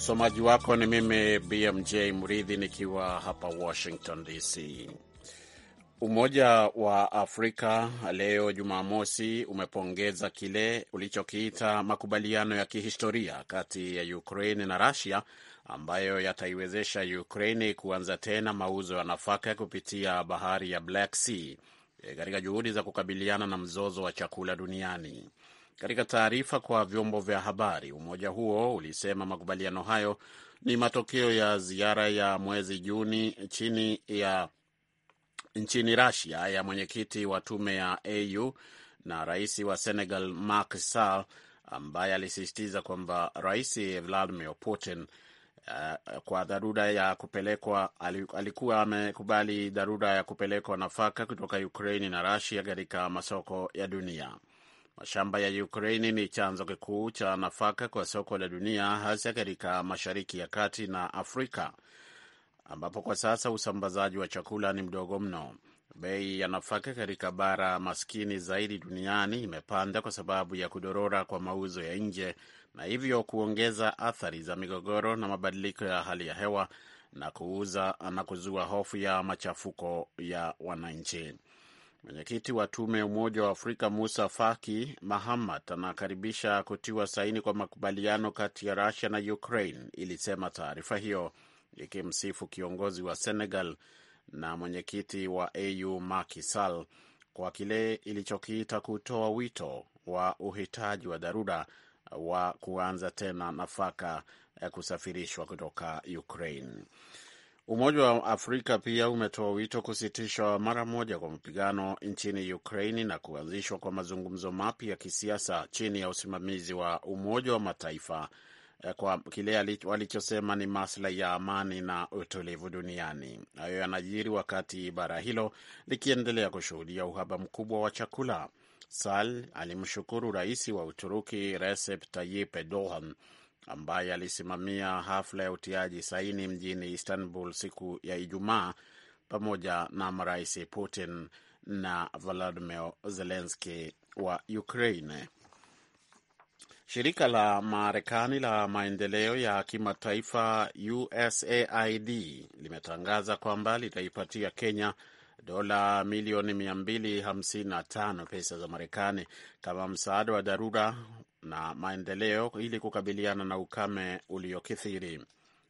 Msomaji wako ni mimi BMJ Mridhi nikiwa hapa Washington DC. Umoja wa Afrika leo Jumamosi umepongeza kile ulichokiita makubaliano ya kihistoria kati ya Ukraine na Russia ambayo yataiwezesha Ukraine kuanza tena mauzo ya nafaka kupitia bahari ya Black Sea e, katika juhudi za kukabiliana na mzozo wa chakula duniani. Katika taarifa kwa vyombo vya habari, umoja huo ulisema makubaliano hayo ni matokeo ya ziara ya mwezi Juni chini ya nchini Russia ya mwenyekiti wa tume ya AU na rais wa Senegal Macky Sall ambaye alisisitiza kwamba rais Vladimir Putin uh, kwa dharura ya kupelekwa alikuwa amekubali dharura ya kupelekwa nafaka kutoka Ukraini na rasia katika masoko ya dunia. Mashamba ya Ukraini ni chanzo kikuu cha nafaka kwa soko la dunia, hasa katika Mashariki ya Kati na Afrika, ambapo kwa sasa usambazaji wa chakula ni mdogo mno. Bei ya nafaka katika bara maskini zaidi duniani imepanda kwa sababu ya kudorora kwa mauzo ya nje na hivyo kuongeza athari za migogoro na mabadiliko ya hali ya hewa na kuuza na kuzua hofu ya machafuko ya wananchi. Mwenyekiti wa tume ya Umoja wa Afrika Musa Faki Mahamat anakaribisha kutiwa saini kwa makubaliano kati ya Rusia na Ukraine, ilisema taarifa hiyo ikimsifu kiongozi wa Senegal na mwenyekiti wa AU Macky Sall kwa kile ilichokiita kutoa wito wa uhitaji wa dharura wa kuanza tena nafaka ya kusafirishwa kutoka Ukraine. Umoja wa Afrika pia umetoa wito kusitishwa mara moja kwa mapigano nchini Ukraini na kuanzishwa kwa mazungumzo mapya ya kisiasa chini ya usimamizi wa Umoja wa Mataifa eh, kwa kile walichosema ni maslahi ya amani na utulivu duniani. Hayo yanajiri wakati bara hilo likiendelea kushuhudia uhaba mkubwa wa chakula. Sal alimshukuru rais wa Uturuki Recep Tayyip Erdogan ambaye alisimamia hafla ya utiaji saini mjini Istanbul siku ya Ijumaa pamoja na marais Putin na Volodymyr Zelensky wa Ukraine. Shirika la Marekani la maendeleo ya kimataifa USAID limetangaza kwamba litaipatia Kenya dola milioni 255 pesa za Marekani kama msaada wa dharura na maendeleo ili kukabiliana na ukame uliokithiri.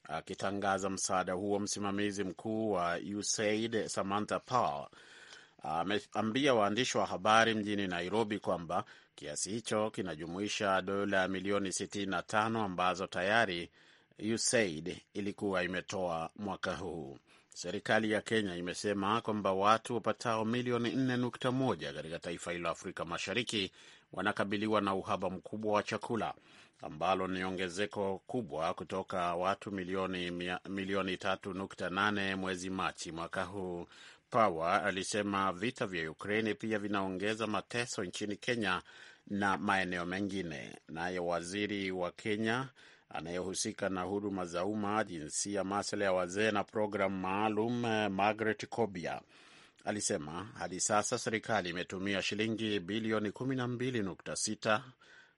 Akitangaza msaada huo, msimamizi mkuu wa USAID Samantha Power ameambia waandishi wa habari mjini Nairobi kwamba kiasi hicho kinajumuisha dola milioni 65 ambazo tayari USAID ilikuwa imetoa mwaka huu. Serikali ya Kenya imesema kwamba watu wapatao milioni 4.1 katika taifa hilo Afrika Mashariki wanakabiliwa na uhaba mkubwa wa chakula ambalo ni ongezeko kubwa kutoka watu milioni, milioni 3.8 mwezi Machi mwaka huu. Power alisema vita vya Ukraini pia vinaongeza mateso nchini Kenya na maeneo mengine. Naye waziri wa Kenya anayehusika na huduma za umma, jinsia, masuala ya wazee na programu maalum, eh, Margaret Kobia alisema hadi sasa serikali imetumia shilingi bilioni 12.6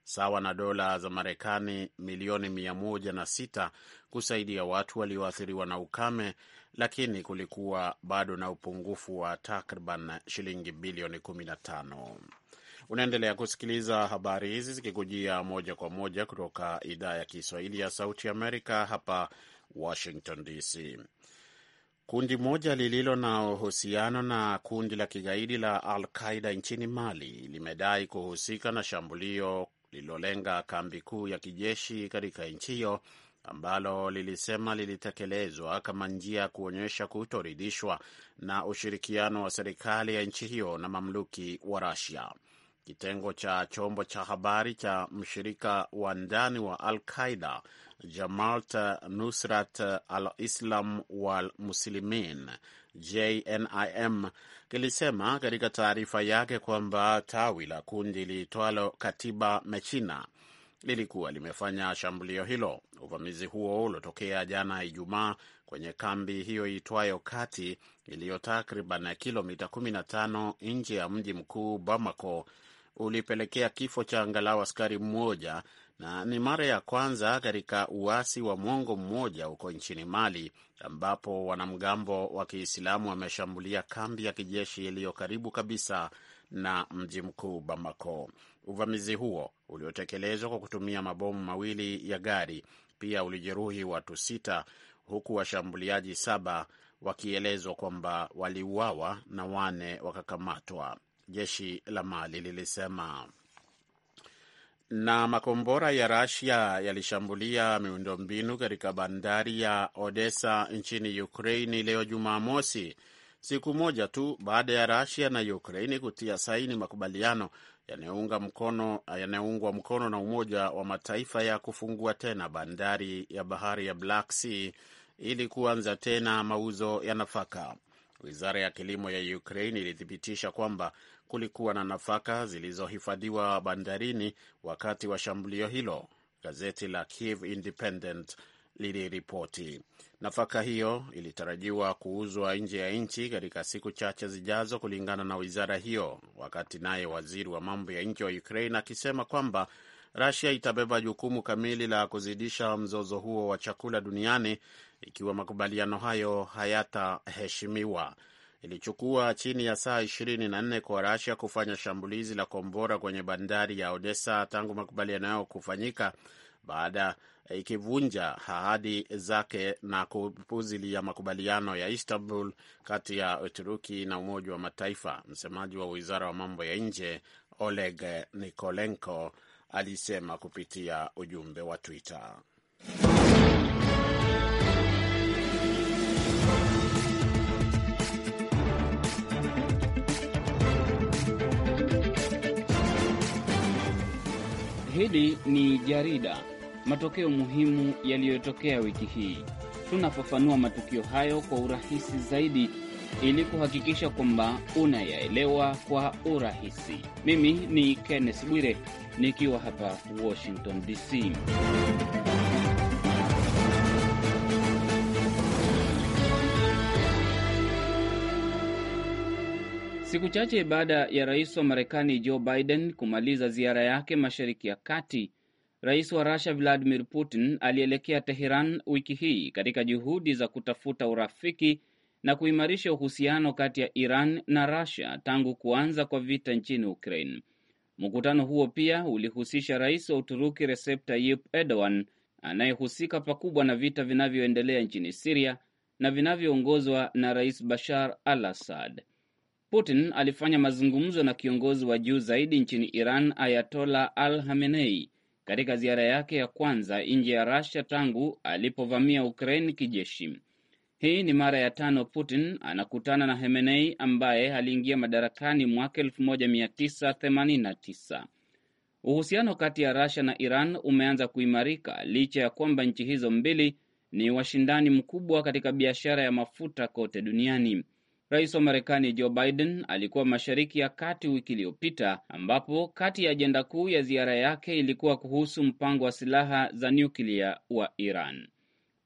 sawa na dola za Marekani milioni 106 kusaidia watu walioathiriwa na ukame, lakini kulikuwa bado na upungufu wa takriban shilingi bilioni 15. Unaendelea kusikiliza habari hizi zikikujia moja kwa moja kutoka idhaa ya Kiswahili ya Sauti Amerika hapa Washington DC. Kundi moja lililo na uhusiano na kundi la kigaidi la Al Qaida nchini Mali limedai kuhusika na shambulio lililolenga kambi kuu ya kijeshi katika nchi hiyo ambalo lilisema lilitekelezwa kama njia ya kuonyesha kutoridhishwa na ushirikiano wa serikali ya nchi hiyo na mamluki wa Russia. Kitengo cha chombo cha habari cha mshirika wa ndani wa Al Qaida Jamaat Nusrat al-Islam wal Muslimin JNIM kilisema katika taarifa yake kwamba tawi la kundi liitwalo Katiba Mechina lilikuwa limefanya shambulio hilo. Uvamizi huo uliotokea jana Ijumaa kwenye kambi hiyo iitwayo Kati iliyo takriban kilomita 15 nje ya mji mkuu Bamako ulipelekea kifo cha angalau askari mmoja na ni mara ya kwanza katika uasi wa mwongo mmoja huko nchini Mali ambapo wanamgambo wa Kiislamu wameshambulia kambi ya kijeshi iliyo karibu kabisa na mji mkuu Bamako. Uvamizi huo uliotekelezwa kwa kutumia mabomu mawili ya gari pia ulijeruhi watu sita huku washambuliaji saba wakielezwa kwamba waliuawa na wane wakakamatwa, jeshi la Mali lilisema. Na makombora ya Rasia yalishambulia miundombinu katika bandari ya Odessa nchini Ukraini leo Jumamosi, siku moja tu baada ya Rasia na Ukraini kutia saini makubaliano yanayoungwa mkono, yanayoungwa mkono na Umoja wa Mataifa ya kufungua tena bandari ya bahari ya Black Sea ili kuanza tena mauzo ya nafaka. Wizara ya kilimo ya ukrain ilithibitisha kwamba kulikuwa na nafaka zilizohifadhiwa bandarini wakati wa shambulio hilo, gazeti la Kiev Independent liliripoti. Nafaka hiyo ilitarajiwa kuuzwa nje ya nchi katika siku chache zijazo, kulingana na wizara hiyo, wakati naye waziri wa mambo ya nje wa Ukraine akisema kwamba Rasia itabeba jukumu kamili la kuzidisha mzozo huo wa chakula duniani ikiwa makubaliano hayo hayataheshimiwa. Ilichukua chini ya saa 24 kwa rasia kufanya shambulizi la kombora kwenye bandari ya Odessa tangu makubaliano yao kufanyika baada ikivunja ahadi zake na kupuzilia makubaliano ya Istanbul kati ya Uturuki na Umoja wa Mataifa. Msemaji wa wizara wa mambo ya nje Oleg Nikolenko alisema kupitia ujumbe wa Twitter. Hili ni jarida, matokeo muhimu yaliyotokea wiki hii. Tunafafanua matukio hayo kwa urahisi zaidi ili kuhakikisha kwamba unayaelewa kwa urahisi. Mimi ni Kenneth Bwire nikiwa hapa Washington DC. Siku chache baada ya rais wa Marekani Joe Biden kumaliza ziara yake Mashariki ya Kati, rais wa Rusia Vladimir Putin alielekea Teheran wiki hii katika juhudi za kutafuta urafiki na kuimarisha uhusiano kati ya Iran na Rusia tangu kuanza kwa vita nchini Ukraine. Mkutano huo pia ulihusisha rais wa Uturuki Recep Tayyip Erdogan anayehusika pakubwa na vita vinavyoendelea nchini Siria na vinavyoongozwa na rais Bashar al Assad. Putin alifanya mazungumzo na kiongozi wa juu zaidi nchini Iran, Ayatola Al Hamenei, katika ziara yake ya kwanza nje ya Russia tangu alipovamia ukrain kijeshi. Hii ni mara ya tano Putin anakutana na Hamenei ambaye aliingia madarakani mwaka 1989. Uhusiano kati ya Russia na Iran umeanza kuimarika licha ya kwamba nchi hizo mbili ni washindani mkubwa katika biashara ya mafuta kote duniani. Rais wa Marekani Joe Biden alikuwa Mashariki ya Kati wiki iliyopita, ambapo kati ya ajenda kuu ya ziara yake ilikuwa kuhusu mpango wa silaha za nyuklia wa Iran.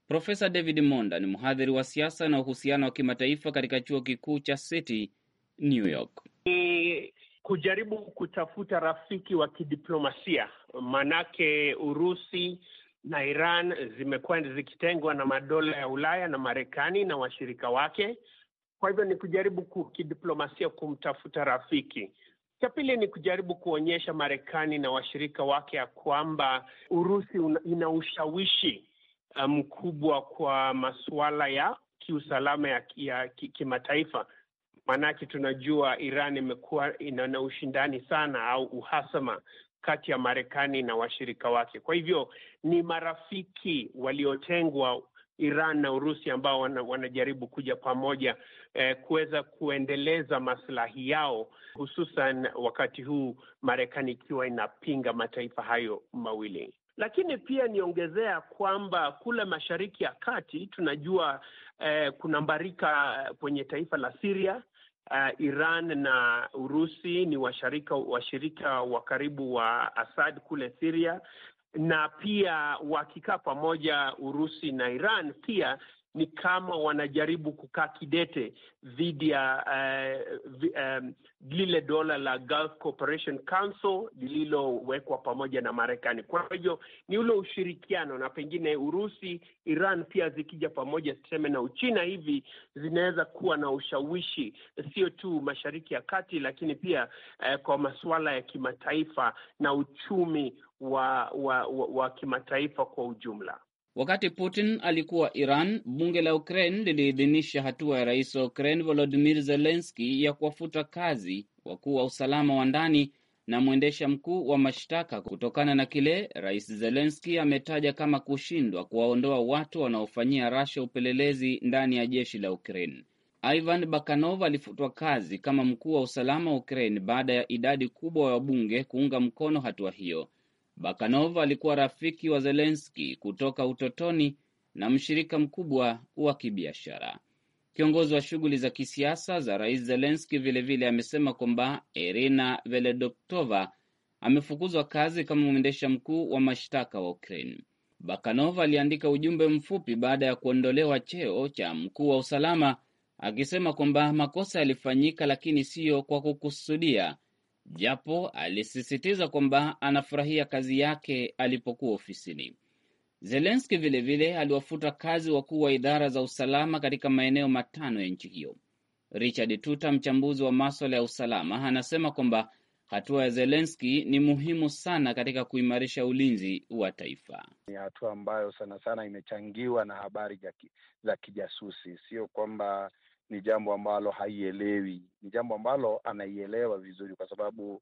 Profesa David Monda ni mhadhiri wa siasa na uhusiano wa kimataifa katika chuo kikuu cha City New York. Ni kujaribu kutafuta rafiki wa kidiplomasia, manake Urusi na Iran zimekuwa zikitengwa na madola ya Ulaya na Marekani na washirika wake kwa hivyo ni kujaribu kidiplomasia kumtafuta rafiki. Cha pili ni kujaribu kuonyesha Marekani na washirika wake ya kwamba Urusi ina ushawishi eh, mkubwa um, kwa masuala ya kiusalama ya, ya kimataifa. Maanake tunajua Iran imekuwa ina ushindani sana au uhasama kati ya Marekani na washirika wake. Kwa hivyo ni marafiki waliotengwa Iran na Urusi ambao wana, wanajaribu kuja pamoja eh, kuweza kuendeleza maslahi yao, hususan wakati huu Marekani ikiwa inapinga mataifa hayo mawili lakini pia niongezea kwamba kule Mashariki ya Kati tunajua eh, kuna mbarika kwenye taifa la Siria. Uh, eh, Iran na Urusi ni washirika washirika wa karibu wa Assad kule Syria, na pia wakikaa pamoja Urusi na Iran pia ni kama wanajaribu kukaa kidete dhidi ya uh, um, lile dola la Gulf Cooperation Council lililowekwa pamoja na Marekani. Kwa hivyo ni ule ushirikiano, na pengine Urusi, Iran pia zikija pamoja, tuseme na Uchina hivi, zinaweza kuwa na ushawishi sio tu Mashariki ya Kati, lakini pia uh, kwa masuala ya kimataifa na uchumi wa, wa, wa, wa kimataifa kwa ujumla. Wakati Putin alikuwa Iran, bunge la Ukraine liliidhinisha hatua ya rais wa Ukraine Volodimir Zelenski ya kuwafuta kazi wakuu wa usalama wa ndani na mwendesha mkuu wa mashtaka kutokana na kile rais Zelenski ametaja kama kushindwa kuwaondoa watu wanaofanyia Rasha upelelezi ndani ya jeshi la Ukraine. Ivan Bakanov alifutwa kazi kama mkuu wa usalama wa Ukraine baada ya idadi kubwa ya wabunge kuunga mkono hatua hiyo. Bakanov alikuwa rafiki wa Zelenski kutoka utotoni na mshirika mkubwa wa kibiashara. Kiongozi wa shughuli za kisiasa za rais Zelenski vilevile amesema kwamba Irina Veledoktova amefukuzwa kazi kama mwendesha mkuu wa mashtaka wa Ukraine. Bakanov aliandika ujumbe mfupi baada ya kuondolewa cheo cha mkuu wa usalama akisema kwamba makosa yalifanyika, lakini siyo kwa kukusudia, japo alisisitiza kwamba anafurahia kazi yake alipokuwa ofisini. Zelenski vilevile aliwafuta kazi wakuu wa idara za usalama katika maeneo matano ya nchi hiyo. Richard tuta mchambuzi wa maswala ya usalama, anasema kwamba hatua ya Zelenski ni muhimu sana katika kuimarisha ulinzi wa taifa. Ni hatua ambayo sana sana imechangiwa na habari za kijasusi, sio kwamba ni jambo ambalo haielewi, ni jambo ambalo anaielewa vizuri, kwa sababu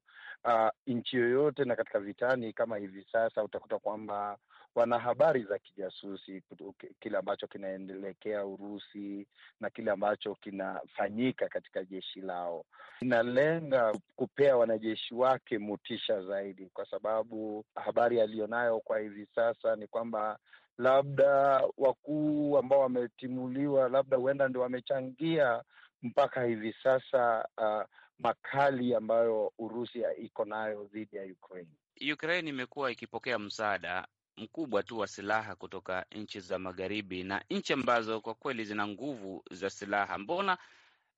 uh, nchi yoyote na katika vitani kama hivi sasa utakuta kwamba wana habari za kijasusi, kile ambacho kinaendelekea Urusi na kile ambacho kinafanyika katika jeshi lao. Inalenga kupea wanajeshi wake motisha zaidi, kwa sababu habari aliyonayo kwa hivi sasa ni kwamba labda wakuu ambao wametimuliwa, labda huenda ndio wamechangia mpaka hivi sasa uh, makali ambayo Urusi iko nayo dhidi ya Ukraine. Ukraine imekuwa ikipokea msaada mkubwa tu wa silaha kutoka nchi za magharibi na nchi ambazo kwa kweli zina nguvu za silaha. Mbona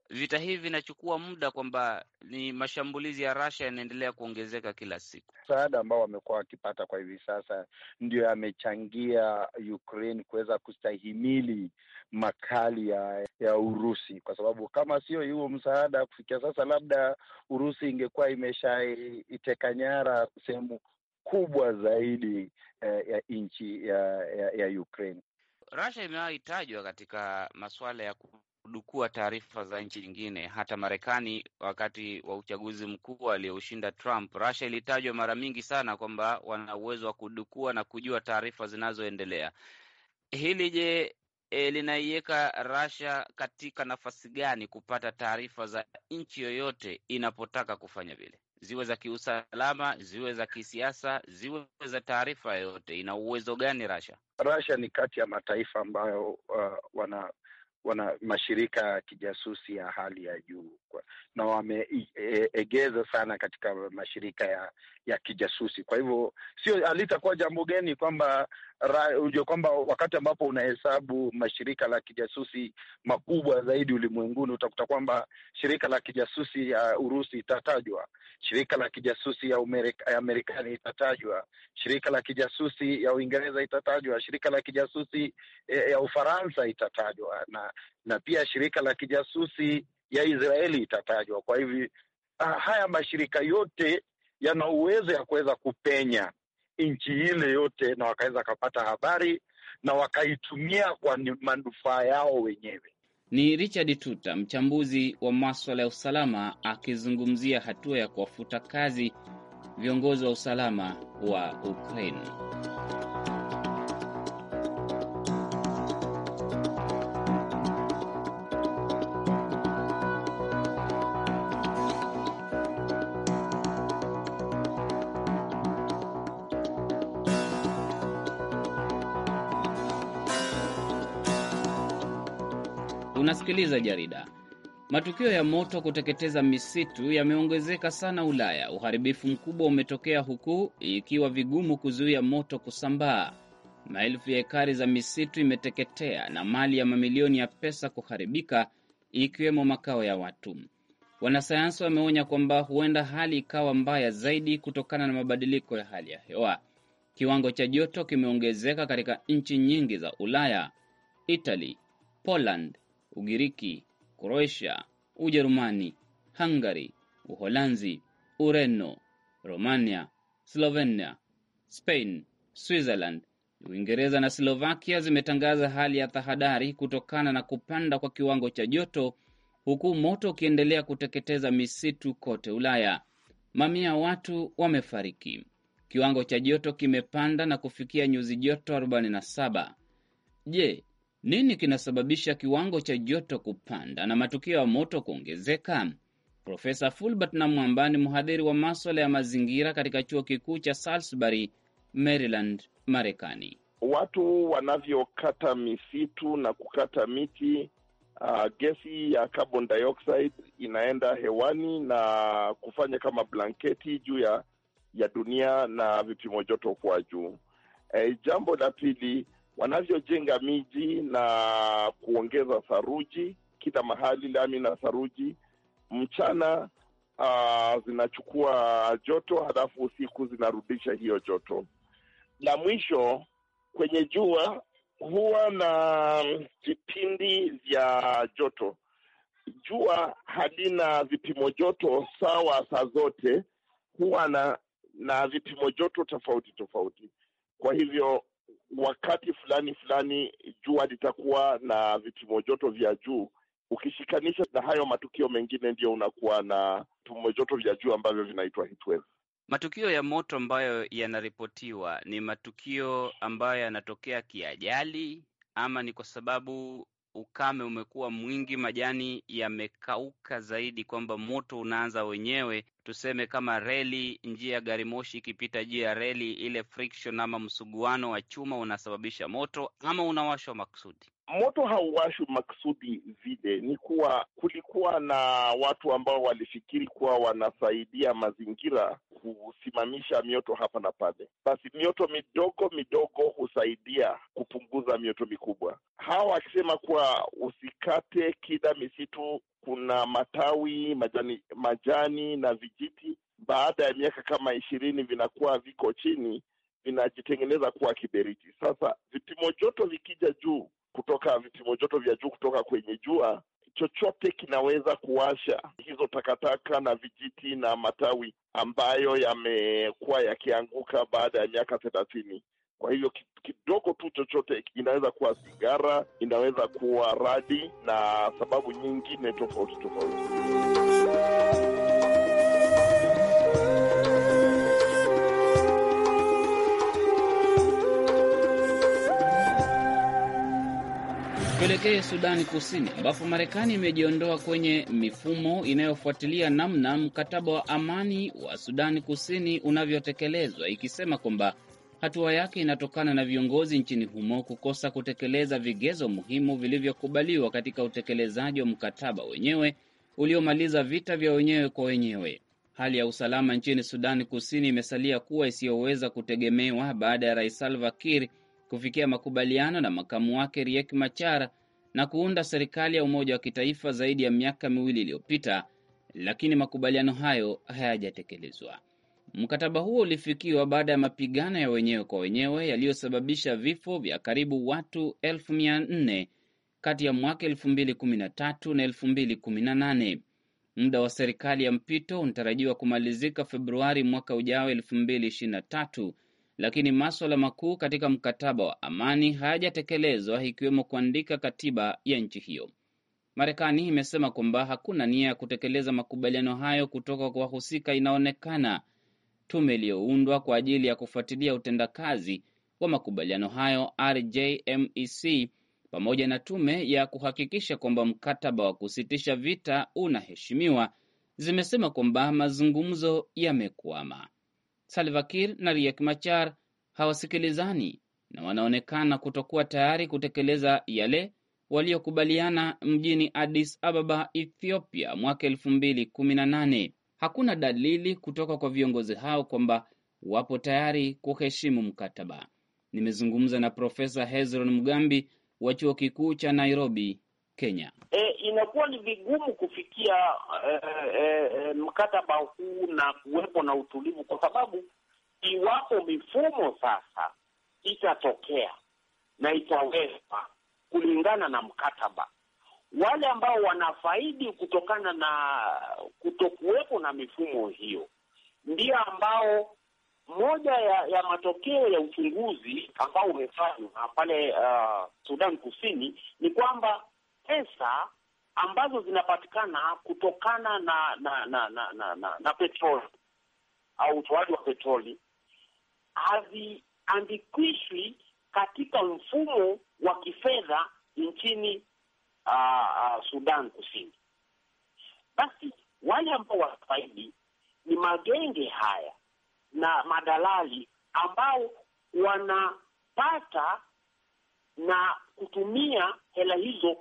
vita hivi vinachukua muda, kwamba ni mashambulizi ya Russia yanaendelea kuongezeka kila siku. Msaada ambao wamekuwa wakipata kwa hivi sasa ndio yamechangia Ukraine kuweza kustahimili makali ya, ya Urusi, kwa sababu kama sio huo msaada kufikia sasa, labda Urusi ingekuwa imeshaiteka nyara sehemu kubwa zaidi eh, ya nchi ya, ya, ya Ukraine. Russia imewahitajwa katika masuala ya kudukua taarifa za nchi nyingine. Hata Marekani, wakati wa uchaguzi mkuu aliyoushinda Trump, Russia ilitajwa mara mingi sana kwamba wana uwezo wa kudukua na kujua taarifa zinazoendelea. Hili je, e, linaiweka Russia katika nafasi gani kupata taarifa za nchi yoyote inapotaka kufanya vile, ziwe za kiusalama, ziwe za kisiasa, ziwe za taarifa yoyote? Ina uwezo gani Russia? Russia ni kati ya mataifa ambayo uh, wana wana mashirika ya kijasusi ya hali ya juu na wameegeza e, sana katika mashirika ya ya kijasusi. Kwa hivyo sio, alitakuwa jambo geni kwamba ujue kwamba wakati ambapo unahesabu mashirika la kijasusi makubwa zaidi ulimwenguni, utakuta kwamba shirika la kijasusi ya Urusi itatajwa, shirika la kijasusi ya Amerikani itatajwa, shirika la kijasusi ya Uingereza itatajwa, shirika la kijasusi eh, ya Ufaransa itatajwa na na pia shirika la kijasusi ya Israeli itatajwa. Kwa hivyo ah, haya mashirika yote yana uwezo ya kuweza kupenya nchi ile yote, na wakaweza wakapata habari na wakaitumia kwa manufaa yao wenyewe. Ni Richard Tuta, mchambuzi wa maswala ya usalama, akizungumzia hatua ya kuwafuta kazi viongozi wa usalama wa Ukraine. Unasikiliza jarida. Matukio ya moto kuteketeza misitu yameongezeka sana Ulaya. Uharibifu mkubwa umetokea huku ikiwa vigumu kuzuia moto kusambaa. Maelfu ya ekari za misitu imeteketea na mali ya mamilioni ya pesa kuharibika, ikiwemo makao ya watu. Wanasayansi wameonya kwamba huenda hali ikawa mbaya zaidi kutokana na mabadiliko ya hali ya hewa. Kiwango cha joto kimeongezeka katika nchi nyingi za Ulaya. Italy, Poland, Ugiriki, Kroatia, Ujerumani, Hungary, Uholanzi, Ureno, Romania, Slovenia, Spain, Switzerland, Uingereza na Slovakia zimetangaza hali ya tahadhari kutokana na kupanda kwa kiwango cha joto huku moto ukiendelea kuteketeza misitu kote Ulaya. Mamia watu wamefariki. Kiwango cha joto kimepanda na kufikia nyuzi joto 47. Je, nini kinasababisha kiwango cha joto kupanda na matukio ya moto kuongezeka? Profesa Fulbert Namwamba ni mhadhiri wa maswala ya mazingira katika chuo kikuu cha Salisbury, Maryland, Marekani. Watu wanavyokata misitu na kukata miti, uh, gesi ya carbon dioxide inaenda hewani na kufanya kama blanketi juu ya ya dunia na vipimo joto kwa juu. E, jambo la pili wanavyojenga miji na kuongeza saruji kila mahali, lami na saruji. Mchana uh, zinachukua joto, halafu usiku zinarudisha hiyo joto. La mwisho kwenye jua huwa na vipindi vya joto. Jua halina vipimo joto sawa saa zote, huwa na na vipimo joto tofauti tofauti. Kwa hivyo wakati fulani fulani jua litakuwa na vipimo joto vya juu. Ukishikanisha na hayo matukio mengine, ndio unakuwa na vipimo joto vya juu ambavyo vinaitwa Matukio ya moto ambayo yanaripotiwa ni matukio ambayo yanatokea kiajali, ama ni kwa sababu ukame umekuwa mwingi, majani yamekauka zaidi, kwamba moto unaanza wenyewe tuseme kama reli, njia ya gari moshi ikipita juu ya reli, ile friction ama msuguano wa chuma unasababisha moto ama unawashwa makusudi? Moto hauwashwi makusudi vile, ni kuwa kulikuwa na watu ambao walifikiri kuwa wanasaidia mazingira kusimamisha mioto hapa na pale. Basi mioto midogo midogo husaidia kupunguza mioto mikubwa. Hawa wakisema kuwa usikate kila misitu kuna matawi, majani, majani na vijiti, baada ya miaka kama ishirini vinakuwa viko chini, vinajitengeneza kuwa kiberiti. Sasa vipimo joto vikija juu kutoka vipimo joto vya juu kutoka kwenye jua, chochote kinaweza kuwasha hizo takataka na vijiti na matawi ambayo yamekuwa yakianguka baada ya miaka thelathini. Kwa hivyo kidogo tu chochote, inaweza kuwa sigara, inaweza kuwa radi na sababu nyingine tofauti tofauti. Tuelekee Sudani Kusini, ambapo Marekani imejiondoa kwenye mifumo inayofuatilia namna mkataba wa amani wa Sudani Kusini unavyotekelezwa, ikisema kwamba Hatua yake inatokana na viongozi nchini humo kukosa kutekeleza vigezo muhimu vilivyokubaliwa katika utekelezaji wa mkataba wenyewe uliomaliza vita vya wenyewe kwa wenyewe. Hali ya usalama nchini Sudani Kusini imesalia kuwa isiyoweza kutegemewa baada ya Rais Salva Kiir kufikia makubaliano na makamu wake Riek Machar na kuunda serikali ya umoja wa kitaifa zaidi ya miaka miwili iliyopita, lakini makubaliano hayo hayajatekelezwa. Mkataba huo ulifikiwa baada ya mapigano ya wenyewe kwa wenyewe yaliyosababisha vifo vya karibu watu elfu mia nne kati ya mwaka 2013 na 218 Muda wa serikali ya mpito unatarajiwa kumalizika Februari mwaka ujao 223 lakini maswala makuu katika mkataba wa amani hayajatekelezwa ikiwemo kuandika katiba ya nchi hiyo. Marekani imesema kwamba hakuna nia ya kutekeleza makubaliano hayo kutoka kwa wahusika inaonekana tume iliyoundwa kwa ajili ya kufuatilia utendakazi wa makubaliano hayo RJMEC pamoja na tume ya kuhakikisha kwamba mkataba wa kusitisha vita unaheshimiwa zimesema kwamba mazungumzo yamekwama. Salva Kiir na Riek Machar hawasikilizani na wanaonekana kutokuwa tayari kutekeleza yale waliokubaliana mjini Addis Ababa, Ethiopia mwaka elfu mbili kumi na nane hakuna dalili kutoka kwa viongozi hao kwamba wapo tayari kuheshimu mkataba. Nimezungumza na Profesa Hezron Mgambi wa chuo kikuu cha Nairobi, Kenya. E, inakuwa ni vigumu kufikia e, e, e, mkataba huu na kuwepo na utulivu, kwa sababu iwapo mifumo sasa itatokea na itawekwa kulingana na mkataba wale ambao wanafaidi kutokana na kutokuwepo na mifumo hiyo ndio ambao moja ya, ya matokeo ya uchunguzi ambao umefanywa pale uh, Sudan Kusini ni kwamba pesa ambazo zinapatikana kutokana na na na na, na, na, na petroli au utoaji wa petroli haziandikishwi katika mfumo wa kifedha nchini uh, uh, Sudan Kusini. Basi wale ambao wanafaidi ni magenge haya na madalali ambao wanapata na kutumia hela hizo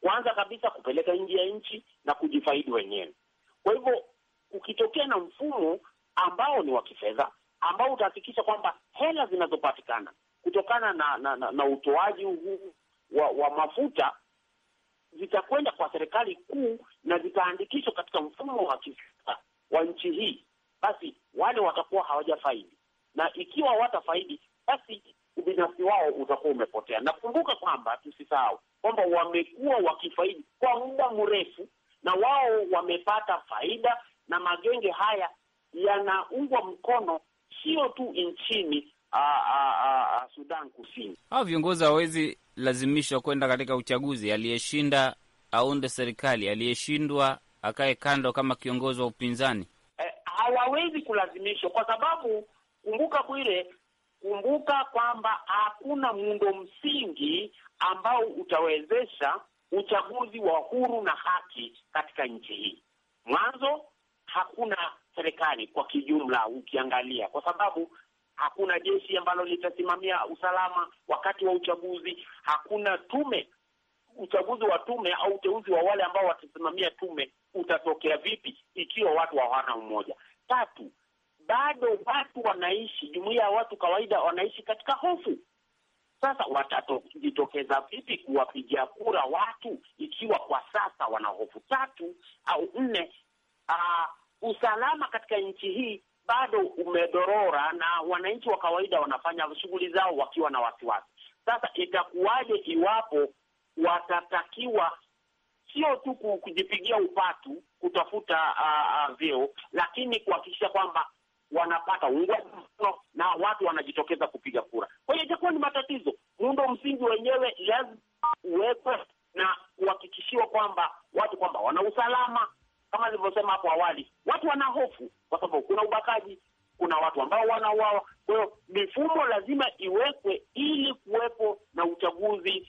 kwanza kabisa kupeleka nje ya nchi na kujifaidi wenyewe. Kwa hivyo ukitokea na mfumo ambao ni wa kifedha ambao utahakikisha kwamba hela zinazopatikana kutokana na na, na, na utoaji huu wa, wa mafuta zitakwenda kwa serikali kuu na zitaandikishwa katika mfumo wa kisiasa wa nchi hii, basi wale watakuwa hawajafaidi, na ikiwa watafaidi, basi ubinafsi wao utakuwa umepotea. Na kumbuka kwamba tusisahau kwamba wamekuwa wakifaidi kwa muda mrefu, na wao wamepata faida, na magenge haya yanaungwa mkono sio tu nchini a, a, a, a Sudan Kusini. Hao viongozi hawawezi lazimishwa kwenda katika uchaguzi. Aliyeshinda aunde serikali, aliyeshindwa akae kando kama kiongozi wa upinzani. Eh, hawawezi kulazimishwa kwa sababu kumbuka, Bwire, kumbuka kwamba hakuna muundo msingi ambao utawezesha uchaguzi wa huru na haki katika nchi hii. Mwanzo hakuna serikali kwa kijumla, ukiangalia kwa sababu hakuna jeshi ambalo litasimamia usalama wakati wa uchaguzi, hakuna tume. Uchaguzi wa tume au uteuzi wa wale ambao watasimamia tume utatokea vipi ikiwa watu hawana umoja? Tatu, bado watu wanaishi, jumuiya ya watu kawaida wanaishi katika hofu. Sasa watajitokeza vipi kuwapigia kura watu ikiwa kwa sasa wana hofu? Tatu au nne, uh, usalama katika nchi hii bado umedorora na wananchi wa kawaida wanafanya shughuli zao wakiwa na wasiwasi. Sasa itakuwaje iwapo watatakiwa sio tu kujipigia upatu kutafuta uh, vyeo, lakini kuhakikisha kwamba wanapata uungwaji mkono na watu wanajitokeza kupiga kura. Kwa hiyo itakuwa ni matatizo. Muundo msingi wenyewe lazima uwekwe na kuhakikishiwa kwamba watu kwamba wana usalama kama nilivyosema hapo awali, watu wana hofu kwa sababu kuna ubakaji, kuna watu ambao wanauawa. Kwa hiyo mifumo lazima iwekwe ili kuwepo na uchaguzi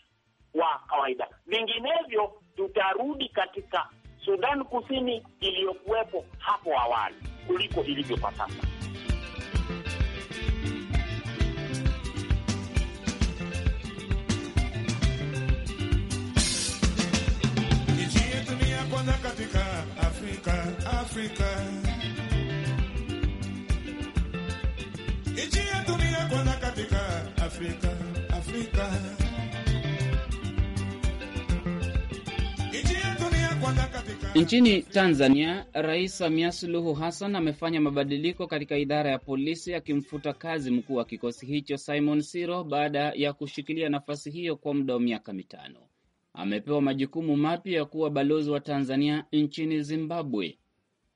wa kawaida, vinginevyo tutarudi katika Sudan Kusini iliyokuwepo hapo awali kuliko ilivyo kwa sasa. kwanza katika Afrika, Afrika. Nchi yetu ni ya kwanza katika Afrika, Afrika. Nchini Tanzania, Rais Samia Suluhu Hassan amefanya mabadiliko katika idara ya polisi akimfuta kazi mkuu wa kikosi hicho Simon Siro baada ya kushikilia nafasi hiyo kwa muda wa miaka mitano amepewa majukumu mapya ya kuwa balozi wa Tanzania nchini Zimbabwe.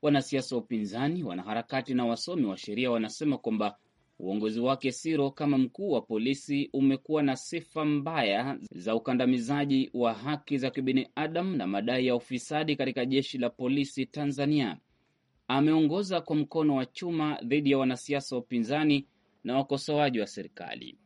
Wanasiasa wa upinzani, wanaharakati na wasomi wa sheria wanasema kwamba uongozi wake Siro kama mkuu wa polisi umekuwa na sifa mbaya za ukandamizaji wa haki za kibinadamu na madai ya ufisadi katika jeshi la polisi Tanzania. Ameongoza kwa mkono wa chuma dhidi ya wanasiasa wa upinzani na wakosoaji wa serikali.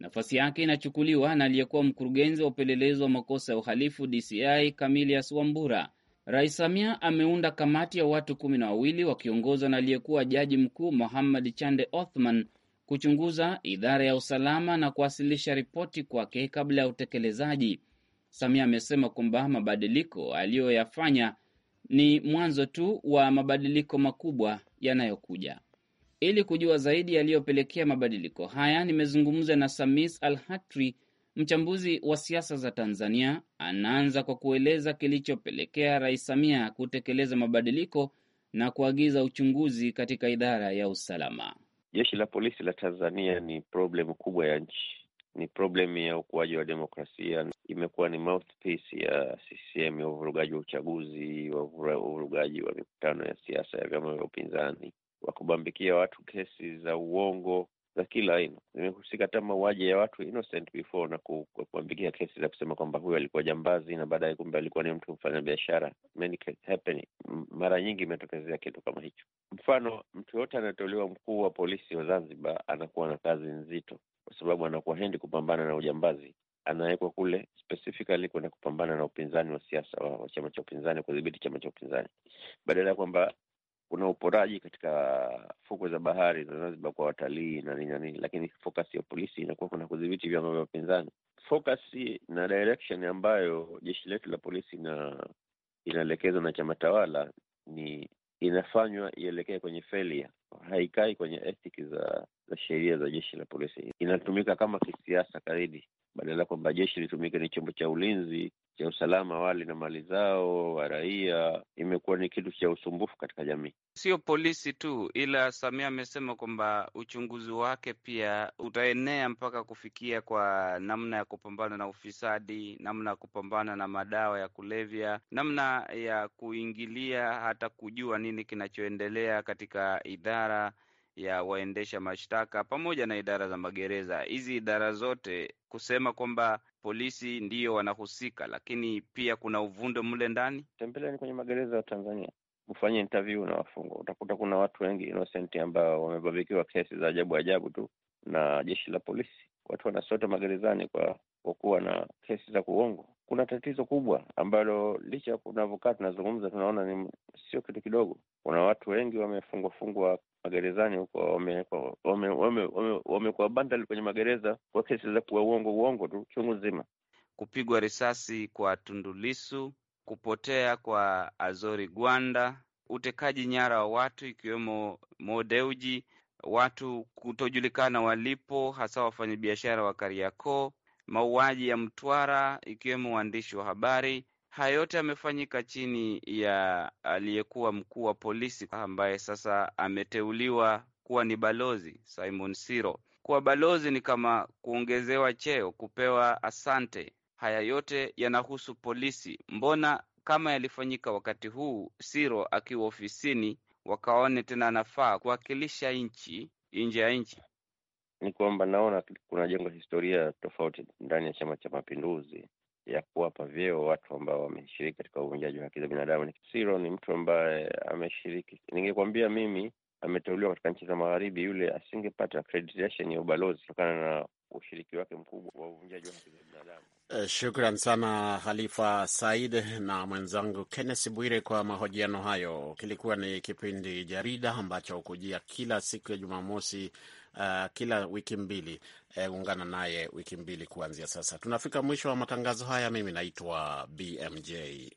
Nafasi yake inachukuliwa na aliyekuwa mkurugenzi wa upelelezi wa makosa ya uhalifu DCI Camillus Wambura. Rais Samia ameunda kamati ya watu kumi na wawili wakiongozwa na aliyekuwa jaji mkuu Mohammad Chande Othman kuchunguza idara ya usalama na kuwasilisha ripoti kwake kabla ya utekelezaji. Samia amesema kwamba mabadiliko aliyoyafanya ni mwanzo tu wa mabadiliko makubwa yanayokuja. Ili kujua zaidi yaliyopelekea mabadiliko haya, nimezungumza na Samis Alhatri, mchambuzi wa siasa za Tanzania. Anaanza kwa kueleza kilichopelekea Rais Samia kutekeleza mabadiliko na kuagiza uchunguzi katika idara ya usalama. Jeshi la polisi la Tanzania ni problemu kubwa ya nchi, ni problemu ya ukuaji wa demokrasia. Imekuwa ni mouthpiece ya CCM ya uvurugaji wa uchaguzi, wa uvurugaji wa mikutano ya siasa ya vyama vya upinzani wa kubambikia watu kesi za uongo za kila aina. Zimehusika hata mauaji ya watu innocent before na kuambikia kesi za kusema kwamba huyo alikuwa jambazi na baadaye kumbe alikuwa ni mtu mfanya biashara. Mara nyingi imetokezea kitu kama hicho. Mfano, mtu yoyote anayetolewa mkuu wa polisi wa Zanzibar anakuwa na kazi nzito, kwa sababu anakuwa hendi kupambana na ujambazi, anawekwa kule specifically kwenda kupambana na upinzani wa siasa wa, wa chama cha upinzani, kudhibiti chama cha upinzani, badala ya kwamba kuna uporaji katika fukwe za bahari za Zanzibar kwa watalii na nini na nini, lakini focus ya polisi inakuwa kuna kudhibiti vyama vya upinzani. Focus na direction ambayo jeshi letu la polisi na inaelekezwa na chama tawala ni inafanywa ielekee kwenye failure, haikai kwenye ethics za za sheria za jeshi la polisi, inatumika kama kisiasa zaidi badala ya kwamba jeshi litumike ni chombo cha ulinzi cha usalama wali na mali zao wa raia, imekuwa ni kitu cha usumbufu katika jamii, sio polisi tu. Ila Samia amesema kwamba uchunguzi wake pia utaenea mpaka kufikia kwa namna ya kupambana na ufisadi, namna ya kupambana na madawa ya kulevya, namna ya kuingilia hata kujua nini kinachoendelea katika idara ya waendesha mashtaka pamoja na idara za magereza. Hizi idara zote kusema kwamba polisi ndiyo wanahusika, lakini pia kuna uvundo mle ndani. Tembeleni kwenye magereza ya Tanzania, ufanye interview na wafungwa, utakuta kuna watu wengi innocent ambao wamebabikiwa kesi za ajabu ajabu tu na jeshi la polisi. Watu wanasota magerezani kwa kuwa na kesi za kuongo. Kuna tatizo kubwa ambalo licha ya kunavokaa tunazungumza, tunaona ni sio kitu kidogo. Kuna watu wengi wamefungwafungwa magerezani huko wamekuwa bandal kwenye magereza kwa kesi za kuwa uongo uongo tu chungu nzima. Kupigwa risasi kwa Tundulisu, kupotea kwa Azori Gwanda, utekaji nyara wa watu ikiwemo Modeuji, watu kutojulikana walipo, hasa wafanyabiashara wa Kariakoo, mauaji ya Mtwara ikiwemo waandishi wa habari Haya yote yamefanyika chini ya aliyekuwa mkuu wa polisi ambaye sasa ameteuliwa kuwa ni balozi Simon Siro. Kuwa balozi ni kama kuongezewa cheo, kupewa asante. Haya yote yanahusu polisi. Mbona kama yalifanyika wakati huu Siro akiwa ofisini, wakaone tena anafaa kuwakilisha nchi nje ya nchi? Ni kwamba naona kunajenga historia tofauti ndani ya Chama cha Mapinduzi ya kuwapa vyeo watu ambao wameshiriki katika uvunjaji wa haki za binadamu. Siro ni mtu ambaye ameshiriki. ningekuambia mimi ameteuliwa katika nchi za magharibi, yule asingepata accreditation ya ubalozi kutokana na ushiriki wake mkubwa wa uvunjaji wa haki za binadamu. Eh, shukran sana Halifa Said na mwenzangu kennes Bwire kwa mahojiano hayo. Kilikuwa ni kipindi jarida ambacho hukujia kila siku ya Jumamosi, uh, kila wiki mbili. Eh, ungana naye wiki mbili kuanzia sasa. Tunafika mwisho wa matangazo haya. Mimi naitwa BMJ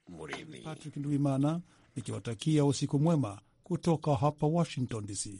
Muridhi Patrick Ndwimana nikiwatakia usiku mwema kutoka hapa Washington DC.